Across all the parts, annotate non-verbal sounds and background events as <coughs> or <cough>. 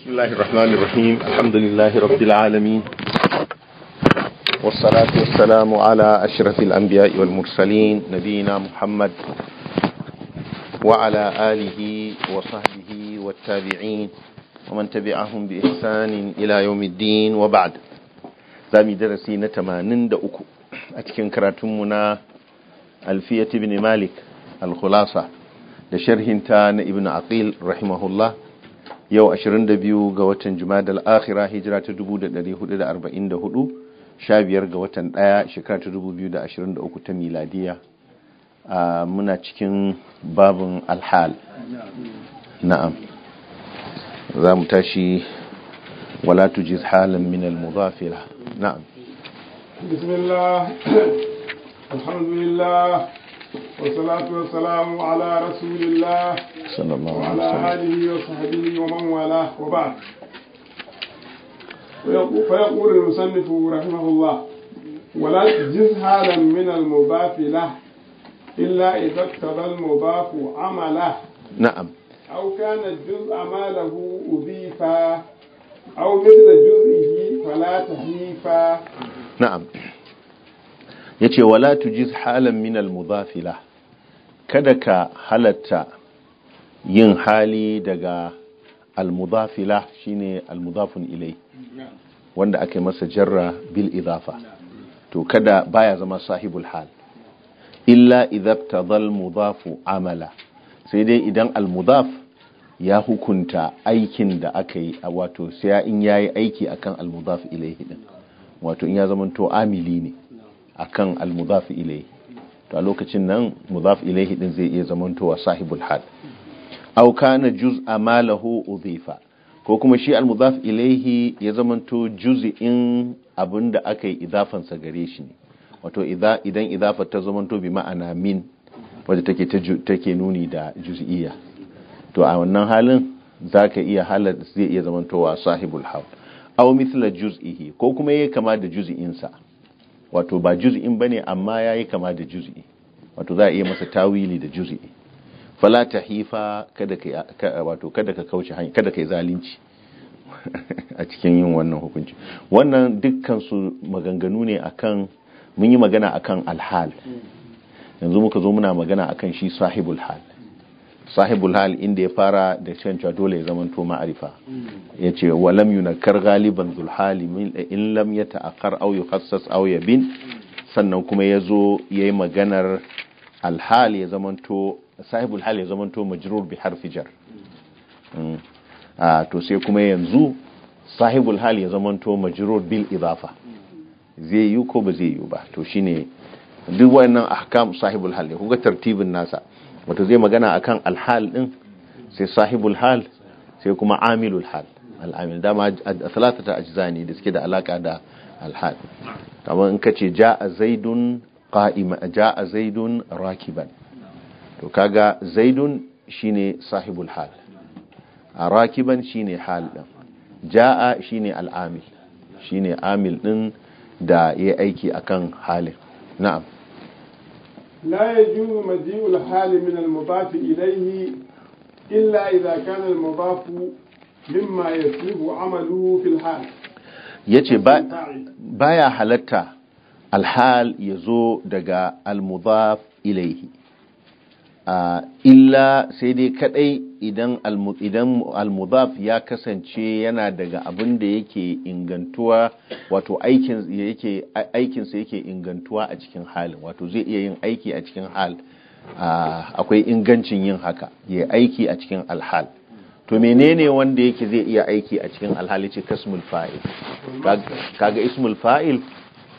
بسم الله الرحمن الرحيم الحمد لله رب العالمين والصلاة والسلام على أشرف الأنبياء والمرسلين نبينا محمد وعلى آله وصحبه والتابعين ومن تبعهم بإحسان إلى يوم الدين وبعد زامي درسي نتمانين دأكو أتكن كراتمنا ألفية بن مالك الخلاصة لشرح تان ابن عقيل رحمه الله yau 22 ga watan jumadal akhira hijira ta 1444 15 ga watan daya shekara ta 2023 ta miladiya a muna cikin babin alhal na'am za mu tashi wala tujiz halin min al-mudafila na'am bismillah <coughs> alhamdulillah والصلاة والسلام على رسول الله صلى الله عليه وسلم وعلى آله وصحبه ومن والاه وبعد فيقول المصنف رحمه الله ولا تجز هذا من المضاف له إلا إذا اكتب المضاف عمله نعم أو كان الجزء ماله أضيفا أو مثل جزئه فلا تحيفا نعم ya ce wala tujiz halan minal muzafila kada ka halatta yin hali daga almuzafila shine almuzafun ilai wanda aka masa jarra bil idafa to kada baya zama sahibul hal illa idabta zal mudafu amala sai dai idan almudaf ya hukunta aikin da aka yi wato sai in yayi aiki akan almudaf ilai din wato in ya to amili ne a kan mudaf ilayhi to a lokacin nan mudaf ilayhi din zai iya zamantowa sahibul hal aw kana juz'a malahu udhifa ko kuma shi al-mudaf ilayhi ya zamanto juz'in abinda aka yi idafan sa gare shi wato idan idafa ta zamanto bi ma'ana min wadda take take nuni da juz'iyya to a wannan halin zaka iya halar zai iya zamantowa sahibul hal aw mithla juz'ihi ko kuma yayi kama da juz'in sa wato ba juz'in bane amma yayi kama da juz'i wato za a iya masa tawili da juz'i fala tahifa kada kai, wato kada ka kauce hanya kada kai zalunci <laughs> a cikin yin wannan hukunci wannan dukkansu su maganganu ne akan mun yi magana akan alhal hmm. yanzu muka zo muna magana akan shi sahibul hal sahibul hal inda ya fara da cewa dole ya zamanto ma'arifa ya ce walam kar galiban zulhali in lam ya ta'akar au yukhassas au bin. sannan kuma ya zo ya yi maganar alhal ya zamanto sahibul hal ya to majrur bi harfi jar mm. to sai kuma yanzu sahibul hal ya zamanto majrur bil idafa zai yi ko ba zai yi ba to shine duk wannan ahkam sahibul hal ne kuga tartibin nasa wata zai magana akan alhal din sai sahibul hal sai kuma amilul hal al'amil dama ta ajza ne da suke da alaka da alhal kamar in kace a zaidun ja a zaidun rakiban to kaga zaidun shine sahibul hal a rakiban shine hal din ja'a shine al'amil shine amil din da ya aiki akan halin na'am لا يجوز مجيء الحال من المضاف إليه إلا إذا كان المضاف مما يسلب عمله في الحال يجي بايا حالتا الحال يزو zo المضاف إليه Ah, illa sai dai kadai idan almudaf ya kasance yana daga abin da yake ingantuwa wato aikinsa yake ingantuwa a cikin halin wato zai iya yin aiki a cikin hal ah, akwai ingancin yin haka ya aiki a cikin alhal to menene wanda yake zai iya aiki a cikin alhali ce kasmul fa'il kaga ismul fa'il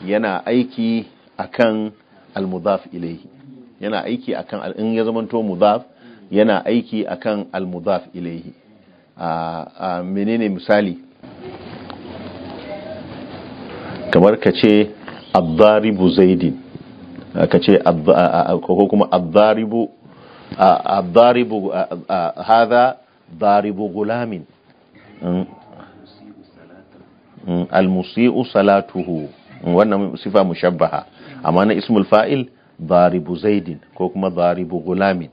yana aiki akan almudaf ilaihi yana aiki akan in ya zamanto mudaf yana aiki akan al ilaihi a menene misali kamar ka ce abdaribu zaidin ka ce ko kuma abdaribu abdaribu haza daribu gulamin hmm? Hmm, al-musi'u salatuhu wannan sifa mushabbaha amma na ismul fa'il zaribu zaidin ko kuma zaribu gulamin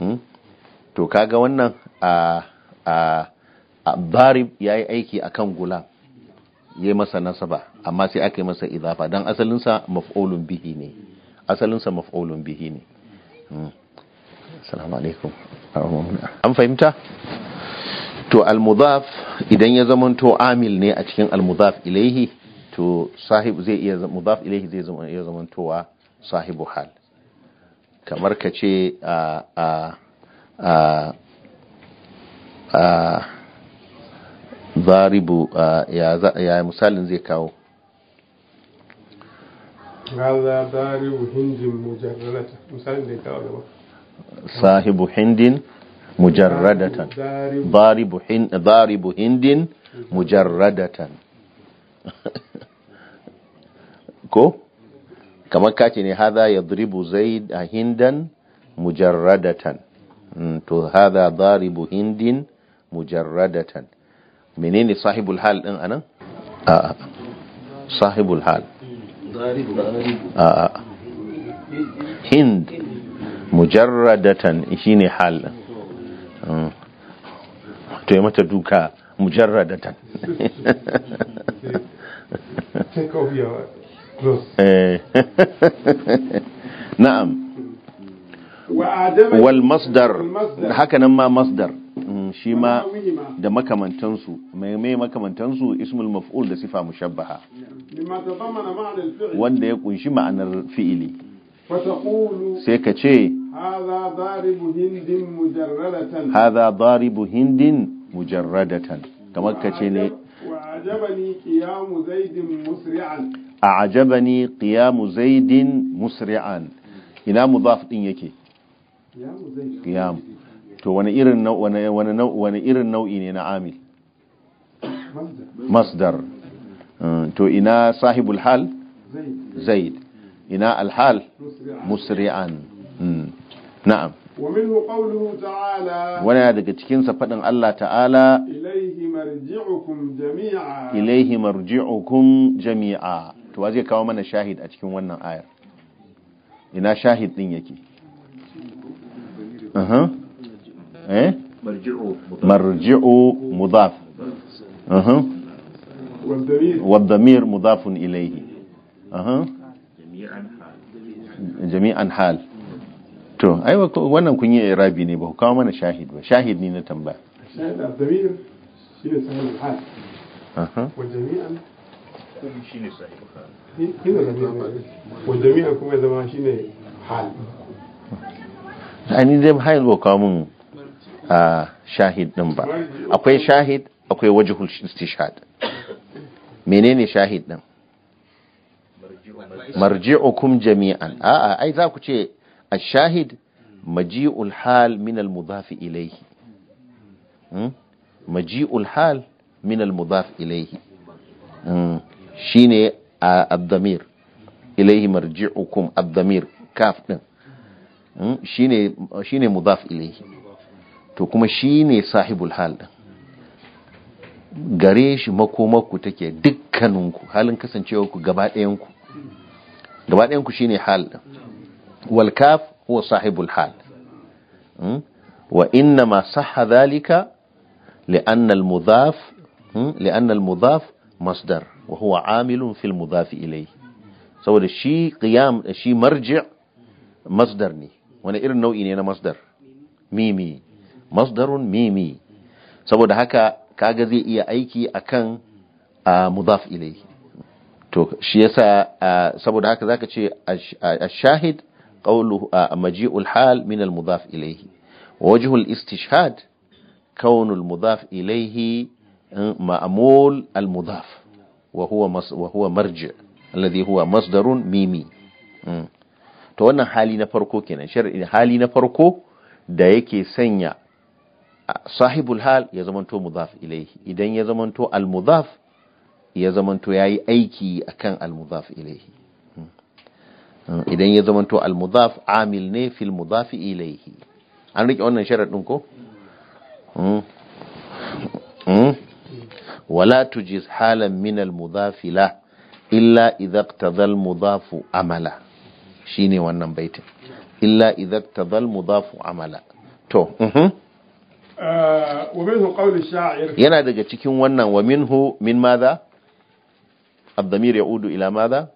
hmm? to kaga wannan a a ya yi aiki a kan gulam ya yi masa nasaba amma sai aka yi masa idafa don asalinsa maf'ulun bihi ne asalinsa maf'ulun bihi ne hmm. assalamu alaikum an fahimta to almudaf idan ya zamanto amil ne a cikin almudaf ilaihi to sahib zai iya mudaf ilaihi zai iya zamantowa sahibu hal kamar ka ce a a a a zaribu ya yi misalin zai kawo sahibu hindin mujarradatan zaribu hindin mujarradatan <laughs> ko? kamar kace ne haza ya dribu zaid a hindan mujarradatan mm, to haza daribu hindin mujarradatan menene sahibul hal din anan a sahibul hal a hind mujarradatan shine hal din mm. to mata duka mujarradatan Eh. <laughs> na'am wal masdar haka nan ma masdar mm, shi ma da makamantansu mai mai makamantansu ismul maf'ul da sifa mushabbaha wanda ya kunshi ma'anar fi'ili sai ka ce haza daribu hindin mujarradatan kamar ka ce ne ajabani قيام zaidin musri'an ina mudaf din yake qiyam to wani irin wani wani irin nau'i ne na amil masdar to ina sahibul hal zaid ina al hal musri'an na'am ومنه قوله تعالى وانا daga cikin sa fadin Allah ta'ala ilayhi marji'ukum jami'a ilayhi marji'ukum jami'a to wa zai kawo mana shahid a cikin wannan ayar ina shahid din yake eh? marji'u mudaf wadamir mudafun ilaihi أها Jami'an hal. to aiwa wannan kun yi irabi ne ba ku kawo mana shahid ba shahid ne na tambaya shahid al-damir shine sahih hal wa jami'an kun ne sahibul ba kina da miya kuma zama shine hal ani hayar ba kawo mun a shahid din ba akwai shahid akwai wajihul istishhad menene shahid din marji'ukum jami'an a'a ai za ku ce a shahid maji'ul hal min al-mudhaf ilayhi hmm? maji'ul hal min al-mudhaf ilayhi hmm. shine ad-damir ilayhi marji'ukum ad-damir kaf din hmm? shine shine mudaf ilayhi to kuma shine sahibul hal din gare shi makomarku take dukkaninku halin kasancewa gaba ɗayanku gaba shi shine hal din wal kaf huwa sahibul hal hmm? wa inna ma sahha dhalika li'anna mudaf hmm? mudaf masdar wa huwa amilun fil mudhafi ilayhi saboda shi qiyam shi marji' masdar ne wani irin nau'i ne na masdar mimi masdarun mimi saboda haka kaga zai iya aiki akan mudaf ilayhi to shi yasa saboda haka zaka ce ash-shahid qawluhu maji'ul hal min al mudaf ilayhi wajhu eh, al-istishhad kaunul mudhaf ilayhi ma'mul al mudaf. wa مرجع الذي alladhi مصدر masdarun mimi hmm. to wannan hali na farko kenan shar'i hali na farko da yake sanya sahibul hal ya zamanto mudaf ilayhi idan ya zamanto al mudaf ya zamanto yayi aiki akan al mudaf ilayhi hmm. Hmm. idan ya zamanto al mudaf amil ne fil mudaf ilayhi an rike wannan sharadin ko wala tujiz halan min mudafila illa idza iqtadha mudafu amala shine wannan baitin illa idza iqtadha mudafu amala yana daga cikin wannan wa minhu min madha الضمير يعود إلى ماذا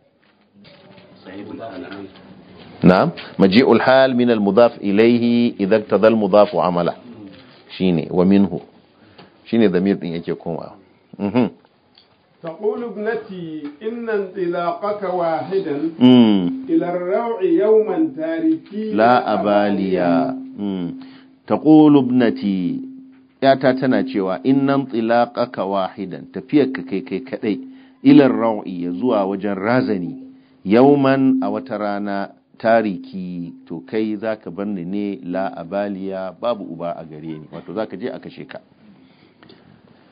نعم مجيء الحال من المضاف إليه إذا اقتضى المضاف عمله شيني ومنه شيني ضمير يجي يكون تقول ابنتي إن انطلاقك واحدا إلى الروع يوما تاركي لا أباليا تقول ابنتي يا تاتنا cewa إن انطلاقك واحدا تفيك كي كي كي إلى الروع يزوى zuwa wajen razani yauman tariki to kai zaka bar ni ne la abaliya babu uba a gare ni wato zaka je aka sheka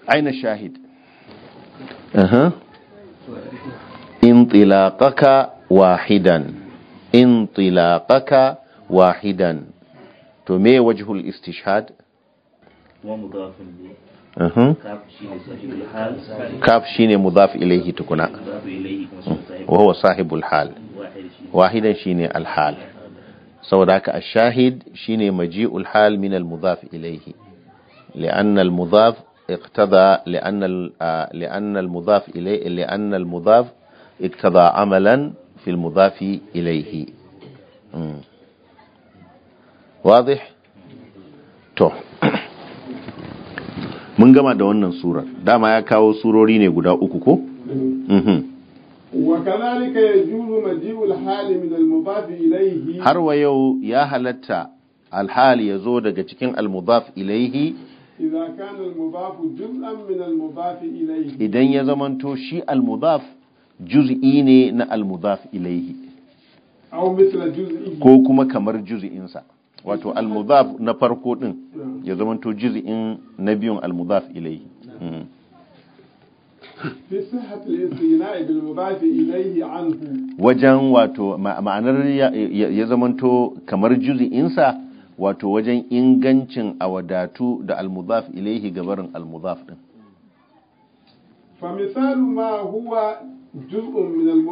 aina shahid أها انطلاقك واحدا انطلاقك واحدا تمي وجه الاستشهاد ومضاف اها كاف شيني مضاف إليه تكون وهو صاحب الحال واحدا شيني الحال سوداك الشاهد شيني مجيء الحال من المضاف إليه لأن المضاف اقتضى لأن لأن المضاف إليه لأن المضاف اقتضى عملا في mun gama da wannan surar dama ya kawo surori ne guda uku ko وكذلك يجوز مجيء الحال من المضاف إليه har wa yau ya halatta alhali ya zo daga cikin almudaf ilaihi idan ya zamanto shi almubaf juz'i ne na almubaf ilaihi ko kuma kamar juz'insa wato almubaf na farko din ya zamanto juz'in na biyun almubaf ilaihi wajen wato ma'anar ya zamanto kamar juz'insa wato wajen ingancin a wadatu da almudaf ilaihi gabarin almudaf din famisalu ma huwa juz'un min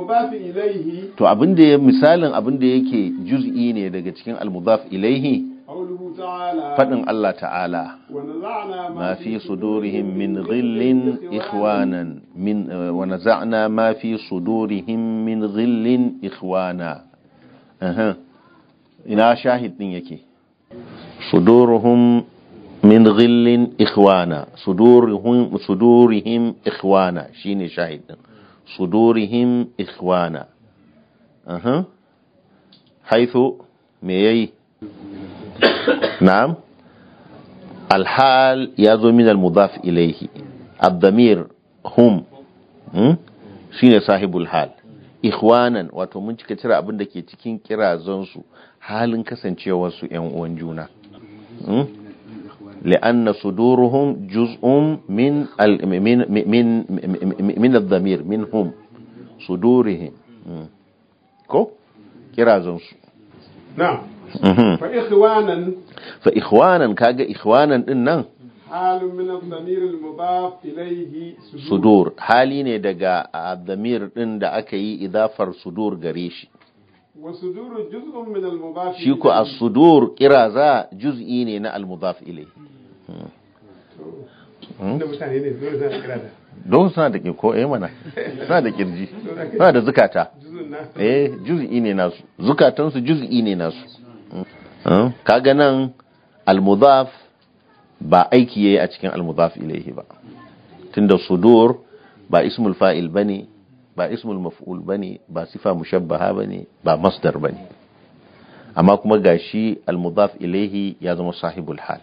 ilaihi to da ya misalin abin da yake juz'i ne daga cikin almudaf ilaihi faɗin Allah ta'ala ma fi sudurihim min ghillin ikhwanan min eh, wa naza'na ma fi sudurihim min ghillin ikhwana ina shahid din yake suduruhum min ghillin ikhwana sudurihim sudurihim ikhwana shine shahid din sudurihim ikhwana aha haythu me yayi na'am الحال يزو من المضاف إليه الضمير هم شين صاحب الحال إخوانا واتو من تكتر أبن دكي تكين كرا زنسو halin kasancewarsu ‘yan uwan juna. لأن صدورهم جزء من ال... من من من الضمير منهم صدورهم كو كرازن نعم فإخوانا فإخوانا كاجا إخوانا إنن حال من الضمير المضاف إليه صدور حالي ne daga الضمير إن da aka yi صدور sudur shi ku a sudur kiraza juz'i ne na al-mudaf don suna da ko eh mana suna da kirji suna da zukata eh juz'i ne nasu zukatansu juz'i ne nasu kaga nan al-mudaf ba aiki yayi a cikin al-mudaf ba tunda sudur ba ismul fa'il bane ba ismul maf'ul bane ba sifa mushabbaha bane ba masdar bane amma kuma gashi al-mudaf ilayhi ya zama sahibul hal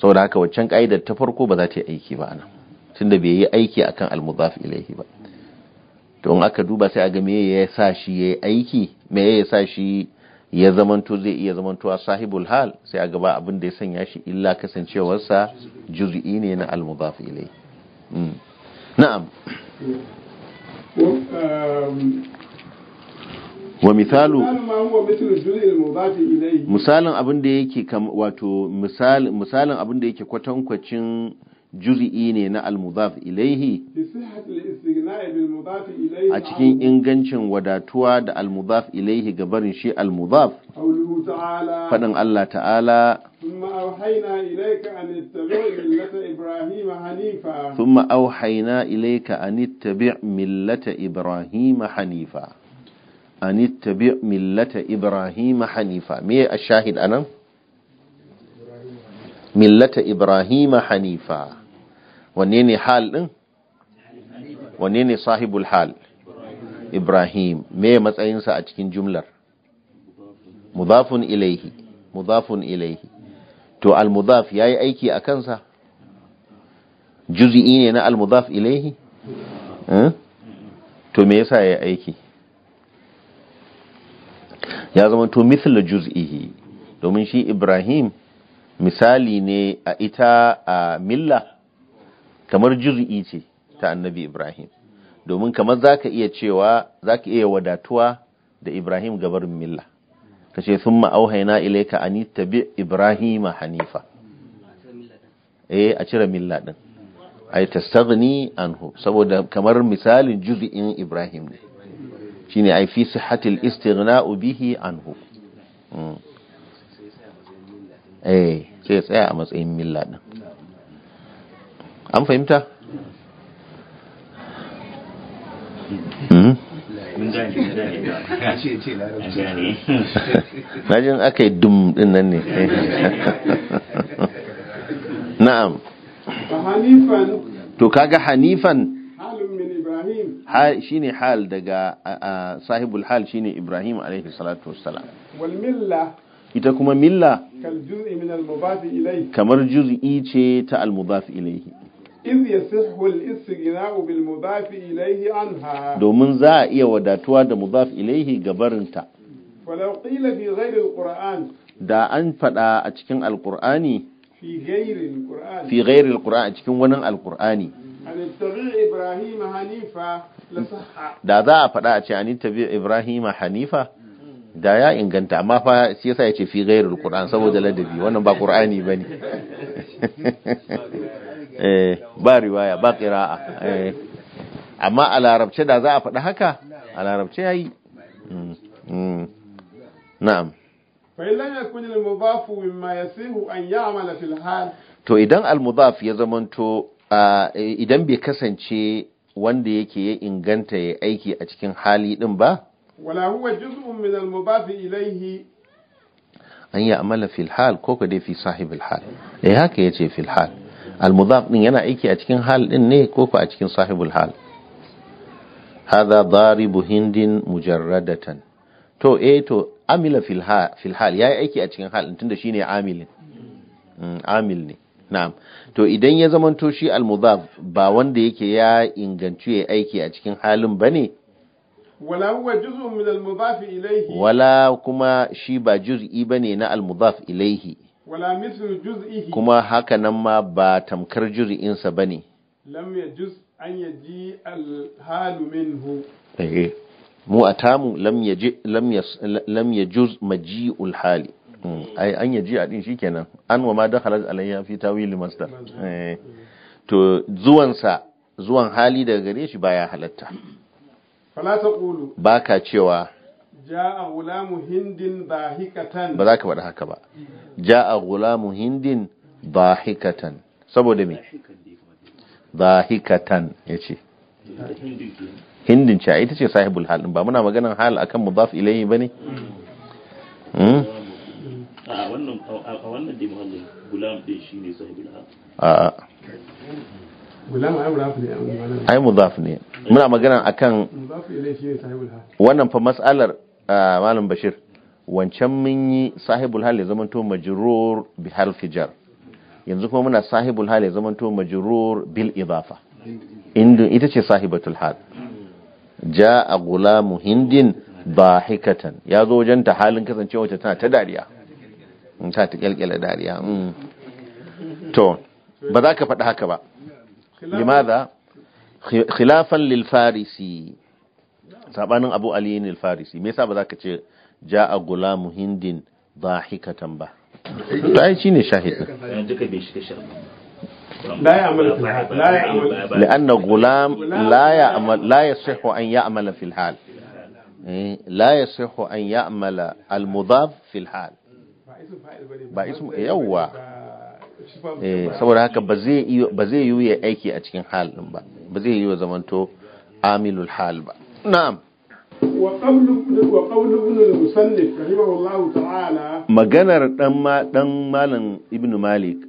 saboda haka waccan ƙa'idar ta farko ba za ta yi aiki ba anan tunda bai yi aiki akan al-mudaf ba to in aka duba sai a ga me ya sa shi yayi aiki me ya sa shi ya zamanto zai iya zamantowa sahibul hal sai a gaba abin da ya sanya shi illa kasancewarsa juz'i ne na al-mudaf ilayhi hmm. na'am eh, wa misalu misalin abin da yake wato misalin abin da yake kwatankwacin juz'i ne na al-mudaf a cikin ingancin wadatuwa da al-mudaf ilaihi ga barin shi al-mudaf Allah ta'ala thumma auhayna ilayka an ittabi' millata ibrahima hanifa an ittabi' millata ibrahima hanifa me a shahid anan millata ibrahima hanifa wanne ne hal ɗin wanne ne sahibul hal ibrahim me matsayinsa a cikin jumlar mudafun ilaihi mudafun ilaihi to almudaf yi aiki a kansa Juzi'i ne na almudaf ilaihi eh? to me yasa ya aiki ya zama to mithla juz'ihi domin shi ibrahim misali ne a ita a milla kamar juz'i ce ta annabi Ibrahim domin kamar zaka iya cewa zaka iya wadatuwa da Ibrahim gabar milla kace thumma auhayna ilayka an tabi Ibrahim hanifa eh a cire milla din ai tastaghni anhu saboda kamar misalin juz'in Ibrahim ne shine ai fi sihhatil istighna'u bihi anhu hmm. eh sai tsaya a matsayin milla din an fahimta hmm? <laughs> na jin aka yi dum din nan ne <laughs> na'am to kaga hanifan shine hal daga sahibul hal shine ibrahim alaihi salatu wassalam ita kuma milla kamar juz'i ce ta almubafi ilaihi. domin za a iya wadatuwa da mudaf ilaihi gabarinta da an fada a cikin alkur'ani fi ghayri quran a cikin wani alkur'ani da za a fada a ce an tabi ibrahim hanifa da ya inganta amma fa shi yasa yace fi ghayri quran saboda ladabi wannan ba qur'ani bane Eh, ba riwaya ba ƙira'a eh, amma a larabce da za a faɗi haka a larabce ya yi mm, mm. na'am to idan al mubaf ya zamanto idan bai kasance wanda yake ya inganta ya aiki a cikin hali din ba wala huwa juz'un min al-mudaf ilayhi an ya amala fil hal ko ka dai fi sahib al hal eh haka yace fil hal almudaf ɗin yana aiki a cikin hal din ne ko ko a cikin sahibul hal hadha daribu hindin mujarradatan to eh to amila fil hal yayi aiki a cikin hal tunda shine amilin mm, amil ne na'am to idan ya zamanto shi almudaf ba wanda yake ya inganci ya aiki a cikin halin bane wala huwa juz'un min ilayhi wala kuma shi ba juz'i bane na almudaf ilayhi kuma haka nan ma ba tamkar juri'insa ba ne eh, mu a tamu lam ya juz maji ulhali, hmm, ai an ji a ɗin shi kenan, an wa ma dakhalat alayya fi tawil masdar eh, to zuwansa zuwan hali daga gare shi baya halatta Ba ka cewa ja'a gulamu hindin bahikatan ba za ka faɗa haka ba ja'a gulamu hindin bahikatan saboda me bahikatan yace hindin ce ita ce sahibul hal ba muna maganan hal akan mudaf ilayhi bane mm a wannan a wannan dai muhallin gulam din shine sahibul hal a a ai mudaf ne muna magana akan wannan fa mas'alar Ah, malam bashir wancan mun yi sahibul hali zaman to majrur bi harfi yanzu kuma muna sahibul hali zaman to majrur bil idafa indu ita ce sahibatul hal jaa gulamu hindin dahikatan ya zo wajen ta halin kasancewa wacce tana ta dariya ta ta kyalkyala dariya mm. to ba za ka faɗi haka ba limadha khilafan lil farisi sabanin abu ali ne farisi me yasa ba za ka ce a gula muhindin dhahikatan ba ai shine shahid duka bai shiga sharri la يعمل في الحال لا يعمل لأن غلام لا يعمل an يصح أن يعمل في الحال لا يصح أن يعمل ba ismu eh, yawwa eh, saboda haka ba zai yi ya aiki a cikin hal din ba ba zai yi wa zamanto amilul hal ba na'am maganar dan malam ibn malik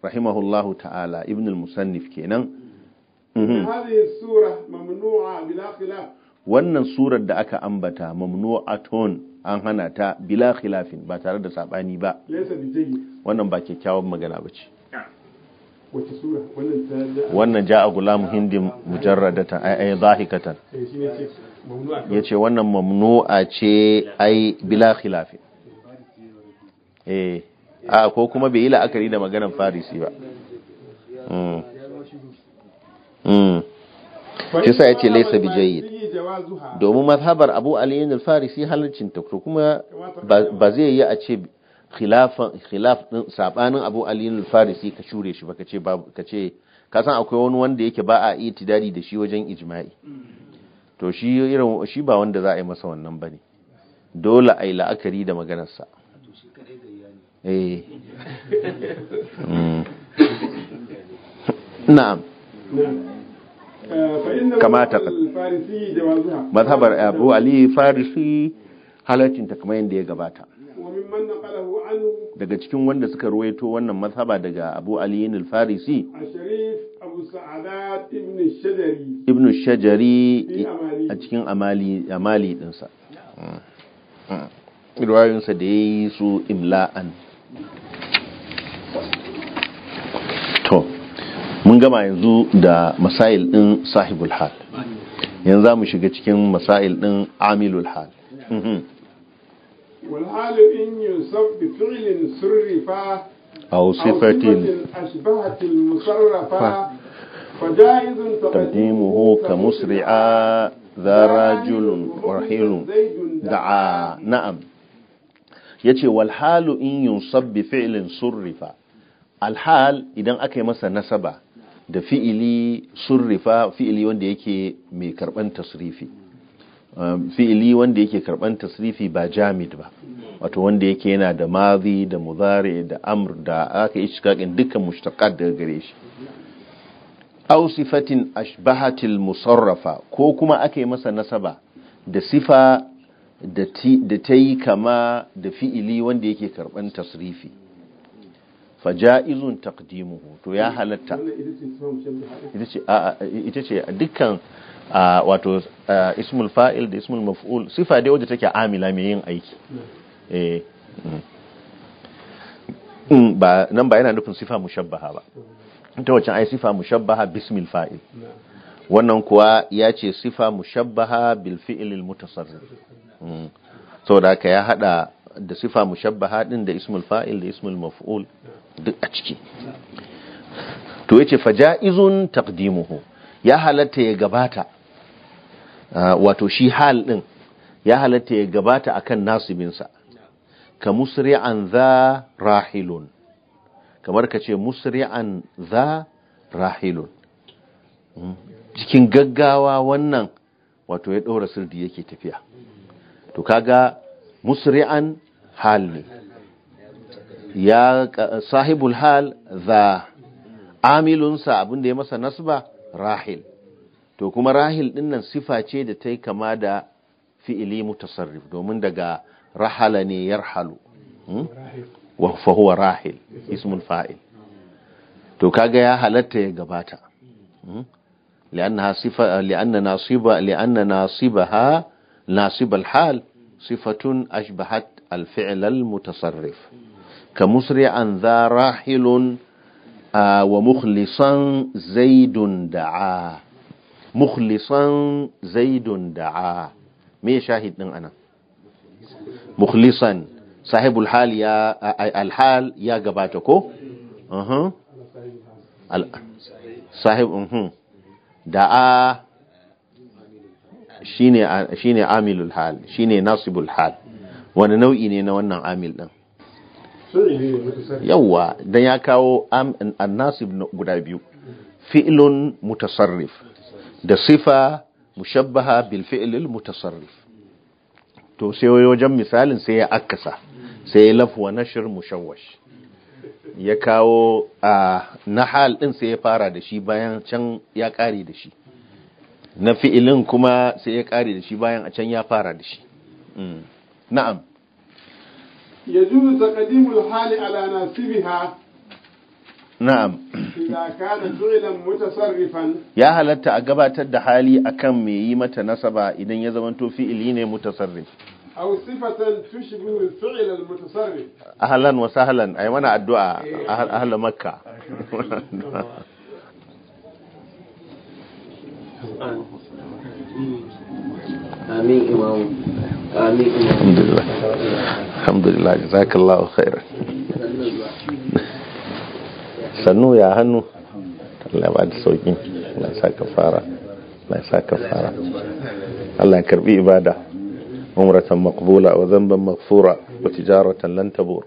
rahimahullahu ta'ala ibn al-musannif kenan mhm. wannan surar da aka ambata mamnu'atun an hana ta bila khilafin ba tare da sabani ba wannan ba kyakkyawan magana ba ce ja wannan ja a ja'a gulam hindi mujarradatan ai ai zahikatan eh, ce wannan mamnu'a ce ai bila khilafi eh a ko kuma bai yi la'akari da maganan farisi ba Kisa hmm. hmm. ya ce laisa bi domin mazhabar Abu Ali al-Farisi halarcin ta kuma ba zai yi a ce khilaf din sabanin Abu Ali al-Farisi ka shure shi baka ce ka ce ka san akwai wani wanda yake ba a itidari da shi wajen ijma'i to shi irin shi ba wanda za a yi masa wannan bane dole ai la'akari da maganar sa eh <laughs> na'am kama ta mazhabar Abu Ali Farisi halaccin ta kamar yadda ya gabata وممن نقله daga cikin wanda suka ruwaito wannan mazhaba daga Abu aliyin alfarisi Ibn Shajari a cikin amali amali dinsa mm. mm. riwayoyinsa da yi su imla'an to mun gama yanzu da masail din sahibul hal yanzu za mu shiga cikin masail din amilul hal mm-hmm. والحال إن ينصب بفعل صرفا أو صفة أشبهت المصرفة فجائز تقديمه كمسرعا yace wal in yunsab bi fi'lin surrifa alhal idan aka yi masa nasaba da fi'ili surrifa fi'ili wanda yake mai karban tasrifi Um, fi'ili wanda yake karban tasrifi ba jamid ba wato wanda yake yana da mazi da muzari da amr da aka shikakin dukkan mushtaqat daga gare shi aw sifatin ashbahatil musarrafa ko kuma aka yi masa nasaba da sifa da ta yi kama da fi'ili wanda yake karban tasrifi faja'izun takdimu to ya halatta ita ce dukkan wato ismul fa'il da ismul maf'ul sifa dai wajen take amila mai yin aiki eh, mm. nan ba yana nufin sifa mushabbaha ba ta wacan ai sifa mushabbaha bismil fa'il wannan kuwa ya ce sifa mushabbaha bil fi'ilil Sau da haka ya hada da sifa mushabbaha din da ismul fa'il da ismul maf'ul duk a ciki to ya ce yace faja'izun taqdimuhu ya halatta ya gabata wato shi hal din ya halatta ya gabata akan nasibinsa ka musri'an za rahilun kamar ka ce musri'an za rahilun hmm? cikin gaggawa wannan wato ya ɗora sirdi yake tafiya to kaga musri'an hal ne ya sahibul hal za amilunsa abinda ya masa nasba rahil to kuma rahil din nan sifa ce da ta yi kama da fi'ili mutasarrif domin daga rahala ne yarhalu hmm? wa huwa rahil ismun fa'il to kaga ya halatta ya gabata لأنها صفة لأن ناصبة لأن ناصبها ناصب الحال صفة mutasarrif ka musri an za rahilun wa mukhlisan zaidun da'a mukhlisan zaidun da'a me shahid din anan mukhlisan sahibul hal ya alhal ya gabata ko sahib da'a shine amilul hal shine nasibul hal wani nau'i ne na wannan amil din Eh, eh, eh, yawwa dan ya kawo annasib guda biyu fi'ilun mutasarrif da sifa mushabbaha bil fi'lil mutasarrif to sai wajen misalin sai ya akasa sai ya lafwa nashir mushawwash ya kawo a nahal din sai ya fara da shi bayan can ya kare da shi na fi'ilin kuma sai ya kare da shi bayan a can ya fara da shi mm. na'am يجوز تقديم الحال على ناسبها نعم إذا كان فعلا متصرفا يا هل أنت أجبت الدحالي أكم ميمة نسبة إذا يزم أن توفي إلينا متصرف أو صفة تشبه الفعل المتصرف أهلا وسهلا أي وأنا الدعاء إيه. أهل, أهل مكة آمين إمام آمين إمام الحمد لله الحمد لله جزاك الله خيرا سنو يا هنو الله بعد سوكين الله يساك فارا الله يساك فارا الله يكربي إبادة عمرة مقبولة وذنبا مغفورة وتجارة لن تبور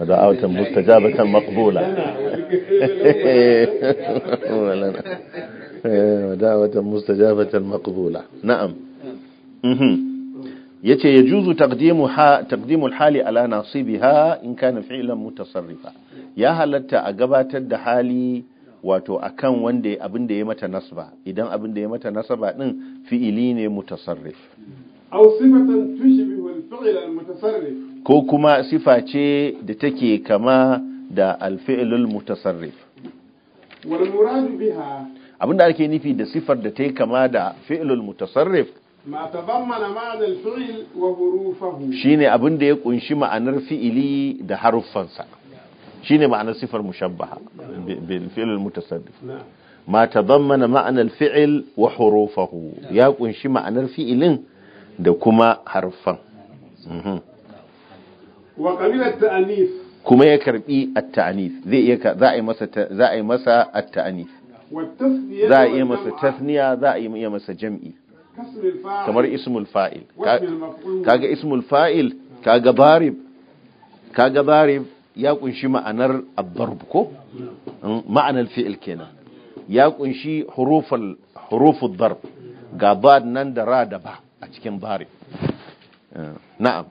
ودعوة مستجابة مقبولة <laughs> ودعوة مستجابة مقبولة نعم mm yace yajuzu taqdimu ha taqdimu hali ala nasibiha in kana fi'lan mutasarrifa ya halatta a gabatar da hali wato akan wanda abin da ya mata nasba idan abin da ya mata nasaba din fi'ili ne mutasarrif aw sifatan tushbi wal fil al-mutasarrif ko kuma sifa ce da take kama da al-fi'l al-mutasarrif wal murad biha abinda ake nufi da sifar da ta kama da fi'l al-mutasarrif ma tadammana ma'ana al-fi'l wa hurufahu shine abin da ya kunshi ma'anar fi'ili da haruffansa shine ma'anar sifar mushabbaha bil fi'l al-mutasaddif ma tadammana ma'ana al-fi'l wa hurufahu ya kunshi ma'anar fi'ilin da kuma haruffan wa qabila at-ta'nif kuma ya karbi at-ta'nif zai iya za yi masa za a masa at-ta'nif za a iya masa tasniya za a iya masa jam'i kamar ismul fa'il kaga ismul fa'il kaga barib kaga barib ya kunshi ma'anar abbarb ko ma'anar fi'il kenan ya kunshi huruful huruful darb ga ba nan da ra da ba a cikin barib na'am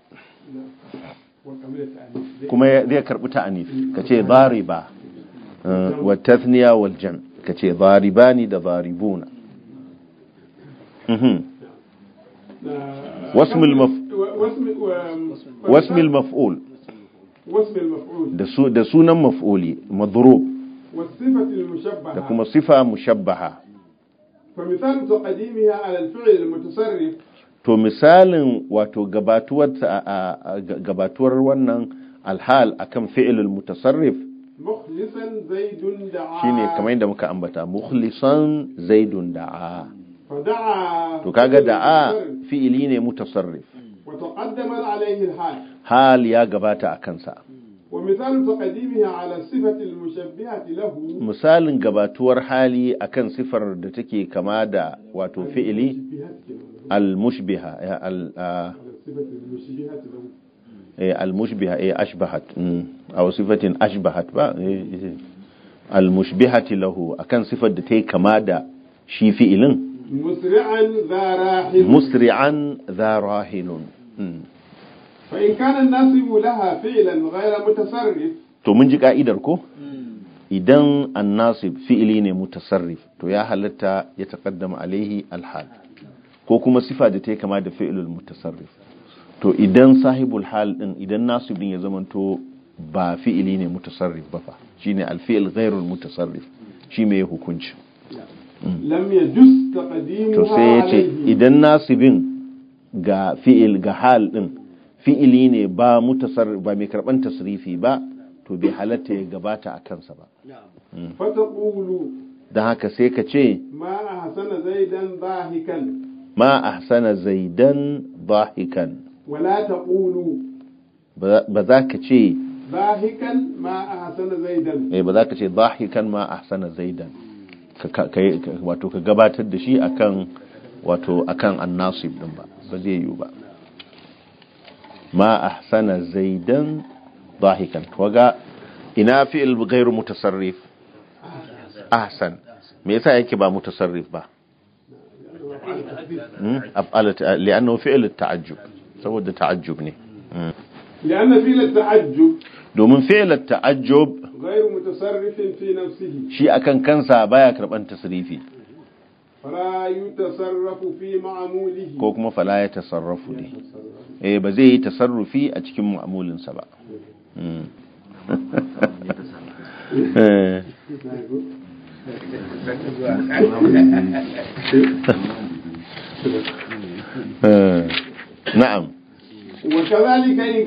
kuma zai karbi ta'anif kace bariba wa tathniya wal jam kace baribani da baribuna Mhm. Uh, wasmil maf'ul da sunan maf'uli madhurub da kuma sifa mushabbaha to misalin wato gabatuwar wannan alhal akan fi'ilul mutasarrif shine kamar da muka ambata mukhlisan zaidun da'a to kaga da'a fi'ili ne mutasarrif hal ya gabata a kansa misalin gabatuwar hali akan sifar da take kama da wato fi'ili al-mushbiha al-mushbiha ashbahat ashbahat ba al lahu akan sifar da take kama da shi fi'ilin مسرعا ذا راهن فإن كان الناصب لها فعلا غير متصرف to mun ji ka'idar ko idan annasib fi'ili ne mutasarrif to ya halatta ya taqaddama alaihi alhal ko kuma sifa da ta yi kama da fi'ilul mutasarrif to idan sahibul hal din idan nasib ɗin ya zamanto ba fi'ili ne mutasarrif ba fa shine alfi'il ghairul mutasarrif shi mai hukunci Mm. to sai ya ce idan nasibin ga fi'il ga hal ɗin fi'ili ne ba mutasar ba mai karɓar tasrifi ba to bai halatta ya gabata a kansa ba mm. don haka sai ka ce ma a hasana zaidan zahikan ma a hasana wala ta ba za ka ce zahikan ma a hasana zaidan eh, ba za ka ce zahikan ma a hasana zaidan wato ka gabatar da shi akan wato akan annasib din ba ba zai yiwu ba ma ahsana zaidan dahikan waga ina fi ghairu mutasarrif ahsan me yasa yake ba mutasarrif ba hmm? af'alat li'annahu fi'il ta'ajjub saboda ta'ajjub ne hmm. li'anna fi'il ta'ajjub domin fi'il ta'ajjub gairu mutasarrifin fi shi akan kansa baya karban tasrifi fala ko kuma fala ya tasarrafu ne eh ba zai yi tasarrufi a cikin mu'amulin ba hmm. <laughs> eh. <laughs> Eh. na'am wa kadhalika in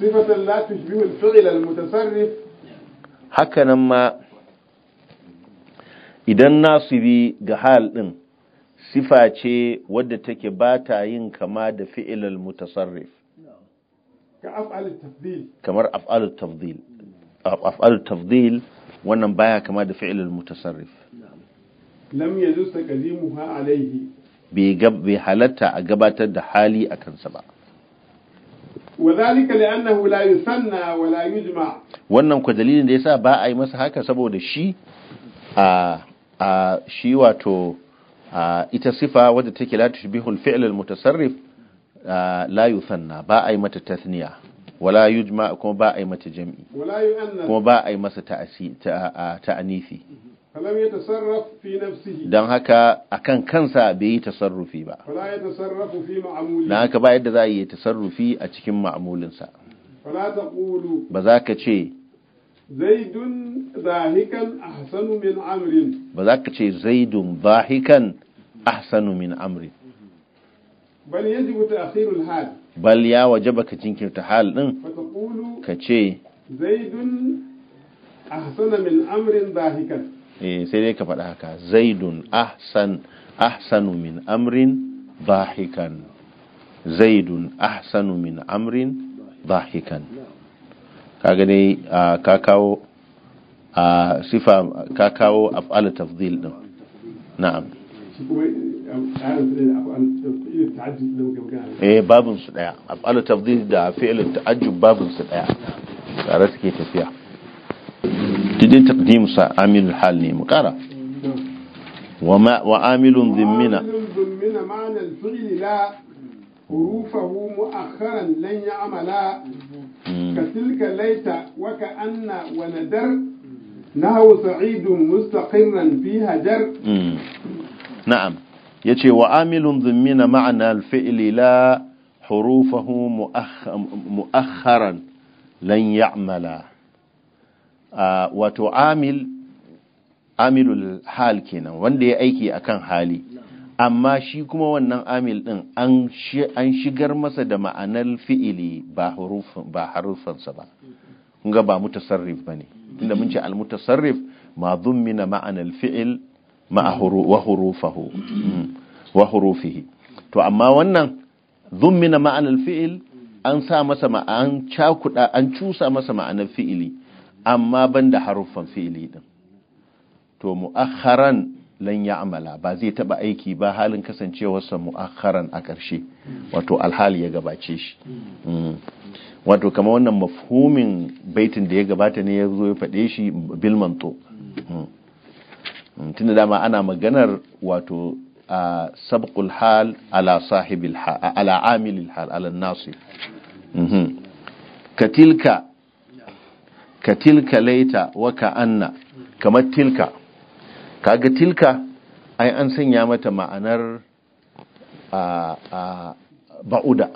صفة لا تشبه الفعل المتصرف hakanan ma idan nasibi ga hal din sifa ce wadda take ba ta yin kama da fi'ilal mutasarrif kamar af'alut tafdil af'alut tafdil wannan baya kama da fi'ilal mutasarrif lam yajuz taqdimuha alayhi bai halatta a gabatar da hali a kansa ba wazalika li'annahu la yusanna wa la wannan ku dalilin da yasa ba a yi masa haka saboda shi a a shi wato ita sifa wadda take la tushbihu al-fi'l al-mutasarrif la yusanna ba a yi mata tasniya wala yujma kuma ba a yi mata jam'i kuma ba a yi masa ta'anisi falam dan haka akan kansa bai yi tasarrufi ba na fi haka ba yadda za yi tasarrufi a cikin ma'amulinsa. ba za ka ce ahsanu min amrin ba za ka ce zaidun zahikan ahsanu min amrin bal hal bal ya wajaba ka jinkirta hal din ka ce Eh, sai dai ka faɗa haka zaidun ahsan ahsanu min amrin dhahikan zaidun ahsanu min amrin dhahikan kaga dai ka kawo a sifa ka kawo af'al tafdhil din na'am eh, eh babun su daya af'al tafdhil da fi'l ta'ajjub babun su daya tare suke tafiya dai taqdim sa amilul hal ne mu kara wa ma wa amilun dhimmina ma'ana al-fi'l la حروفه مؤخرا لن يعملا كتلك ليت وكأن وندر نحو سعيد مستقرا في هجر نعم يتي وعامل ضمن معنى الفعل لا حروفه مؤخرا لن يعملا Ah, wato amil amilul hal kenan wanda ya aiki akan hali amma shi kuma wannan amil din an shigar masa da ma'anar fi'ili ba harufansa ba ga ba mutasarrif ba ne tunda mun ce almutasarrif ma zummina ma'anar fi'il mm, wa hurufihi to amma wannan zummina ma'anar fi'il an sa masa an cakuda an cusa masa ma'anar fi'ili amma ban da haruffan fi'ili ɗin to mu'akharan lan amala ba zai taba aiki ba halin kasancewarsa mu'akharan a ƙarshe wato alhali ya gabace shi mm. wato kama wannan mafhumin baitin da ya gabata ne ya zo ya faɗe shi bilmanto mm. mm, tun da dama ana maganar wato a sabkul hal ala sahibil hal ala amilil hal ala nasir mm-hmm. katilka ka tilka laita wa ka anna kamar tilka kaga tilka ai an sanya mata ma'anar ba'uda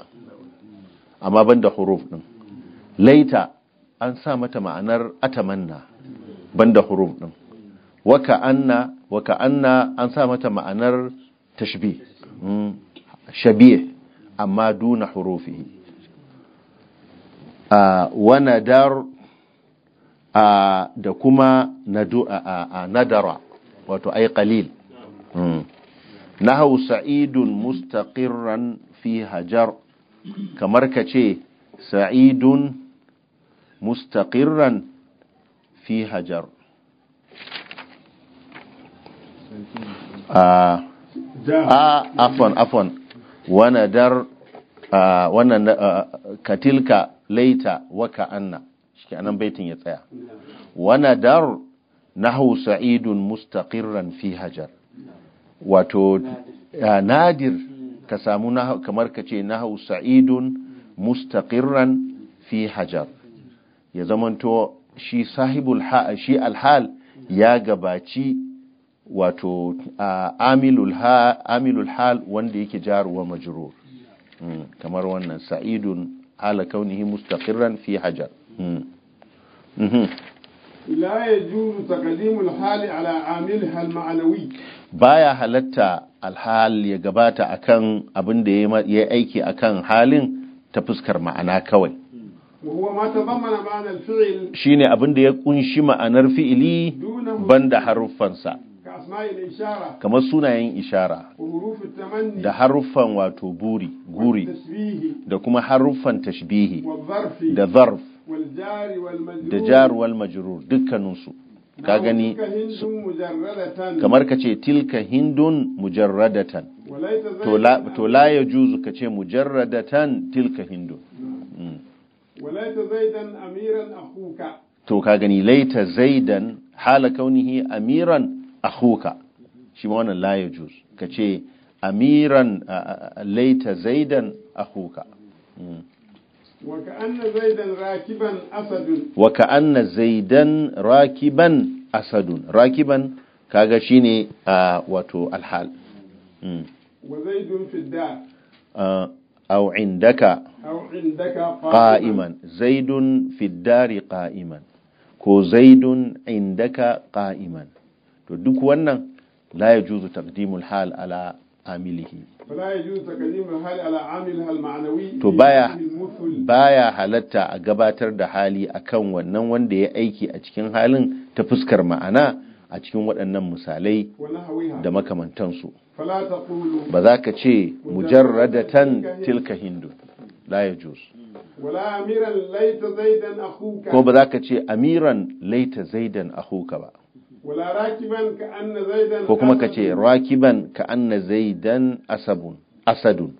amma banda huruf din laita an sa mata ma'anar atamanna banda huruf ɗin. wa ka anna wa ka anna an sa mata ma'anar tashbi hmm, shabih amma duna hurufihi wana dar da kuma nadara wato ai qalil hmm. nahau sa'idun mustaqirran fi hajar kamar ka ce sa'idun mustaqirran fi hajar a afon afon dar wana katilka laita waka anna shi anan baitin ya tsaya wana dar nahu sa'idun mustaqirran fi hajar wato nadir ka samu kamar ka ce nahu sa'idun mustaqirran fi hajar ya zamanto shi sahibul shi alhal ya gabaci wato amilul ha amilul hal wanda yake jaruwa majrur hmm, kamar wannan sa'idun ala kaunihi mustaqirran fi hajar لا يجوز تقديم الحال على عاملها المعنوي baya halatta alhal ya gabata kan abin da ya aiki kan halin ta fuskar ma'ana kawai ne abin da ya kunshi ma'anar fi'ili banda haruffansa kamar sunayen ishara da haruffan wato buri guri da kuma haruffan tashbihi da zarf da jar wal majrur dukkaninsu ka gani kamar ka ce tilka hindun mujarradatan to la ya juzu ka ce mujarradatan tilka hindun mm. to ka gani laita zaidan hala kaunihi amiran akhuka shi ma wannan la ya juzu ka ce amiran laita zaidan akhuka mm. wa anna zaidan rakiban asadun rakiban kaga ne a wato alhal wa zaidun fi dar aw indaka qa'iman zaidun fiddari dari ko zaidun indaka ƙa'iman to duk wannan la juzu takdimul hal ala amilihi to baya baya halatta a gabatar da hali akan wannan wanda ya aiki a cikin halin ta fuskar ma'ana a cikin waɗannan misalai da makamantansu ba za ka ce mujarradatan tilka hindu la ya ko ba za ka ce amiran laita zaidan ahuka ba ko kuma ka ce rakiban ka anna zaidan asabun asadun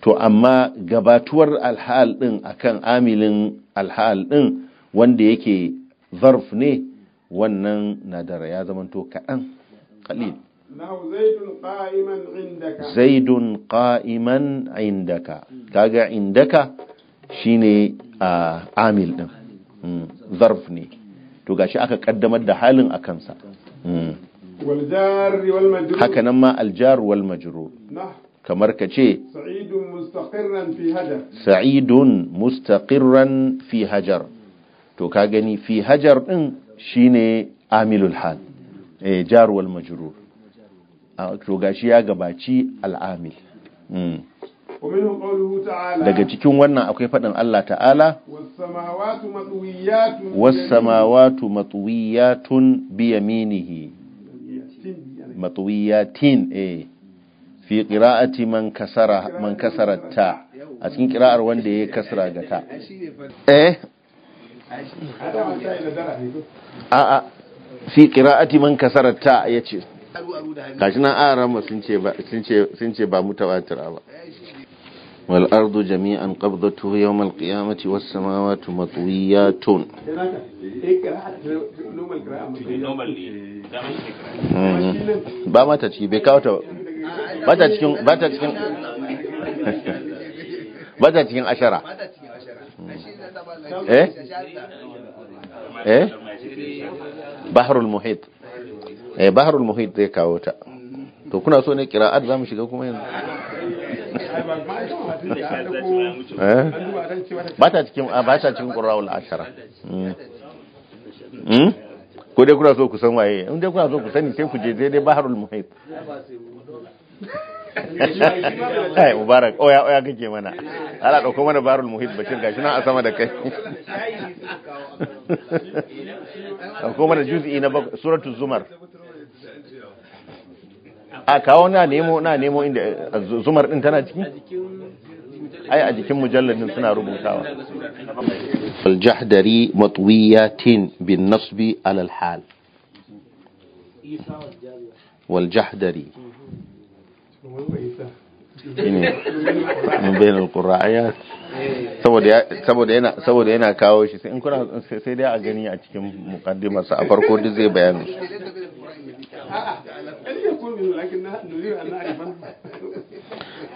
to amma gabatuwar alhal din akan amilin alhal din wanda yake zarf ne wannan nadara ya zamanto kaɗan kalil zaidun ƙa'iman indaka kaga indaka shine amil din mm. zarf ne to gashi aka kaddamar da halin a kansa mm. haka nan ma aljar wal majrur kamar ka ce sa'idun mustaqirran fi hajar to ka gani fi hajar din shine amilul hal eh jar wal majrur ah, to gashi ya gabaci al al'amil mm. daga cikin wannan akwai faɗin Allah ta'ala wasamawatu matuwiyatun biyaminihi matuwiyatin eh fi qira'ati man kasara man kasaratta a cikin qira'ar wanda ya kasara ga ta eh a a fi qira'ati man kasaratta yace gashi nan aran sun ce sun ce sun ce ba mutawatira ba والأرض جميعا قبضته يوم القيامة والسماوات مطويات hmm. ba mata ciki bai ta ba ta cikin ba ta cikin ba ta cikin ashara hmm. eh eh bahrul muhit eh bahrul muhit zai kawo to kuna so ne kira'at zamu shiga kuma yanzu Eh? ba ta cikin ah, ba ashara hmm. hmm? ko dai kuna so ku san waye in dai kuna so ku sani sai ku je daidai baharul muhit <laughs> ai mubarak oya oya kake mana ala dauko mana barul muhit bashir gashi nan a sama da kai dauko <laughs> mana juz'i na suratu zumar a kawo na nemo na nemo inda zumar din tana ciki ai a jikin mujalladin suna rubutawa al-jahdari matwiyatin bin nasbi alal hal wal والجحدري من بين القرآيات saboda saboda yana saboda yana kawo shi sai in kuna sai dai a gani a cikin muqaddimarsa a farko duk zai bayanin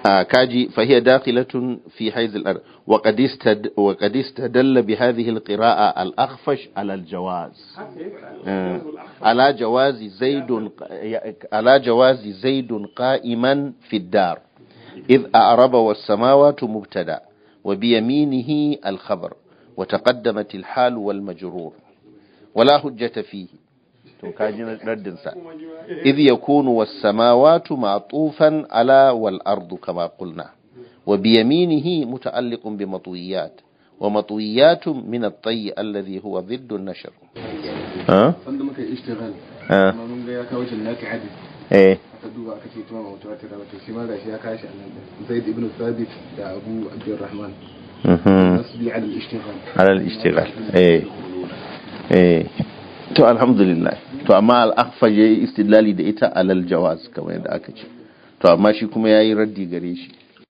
آه كاجي فهي داخلة في حيز الأرض وقد, استد وقد استدل بهذه القراءة الأخفش على الجواز آه على جواز زيد على جواز زيد قائما في الدار إذ أعرب والسماوات مبتدأ وبيمينه الخبر وتقدمت الحال والمجرور ولا حجة فيه to kaji raddinsa idh yakunu was samawati ma'tufan ala wal ardu kama qulna wa bi yaminihi muta'alliqun bi matwiyat wa matwiyatun min at-tayy alladhi huwa dhiddu an-nashr ha sanda muka ishtighal ha mun ga ya kawo jannati adid eh aka duba aka ce tuma mutawatir wato shi ma gashi ya kashi annan zaid ibn thabit da abu abdurrahman nasbi ala al-ishtighal ala al-ishtighal eh eh to alhamdulillah to amma al'akfa ya yi istidlali da ita alal jawaz kamar yadda aka ce to amma shi kuma ya yi raddi gare shi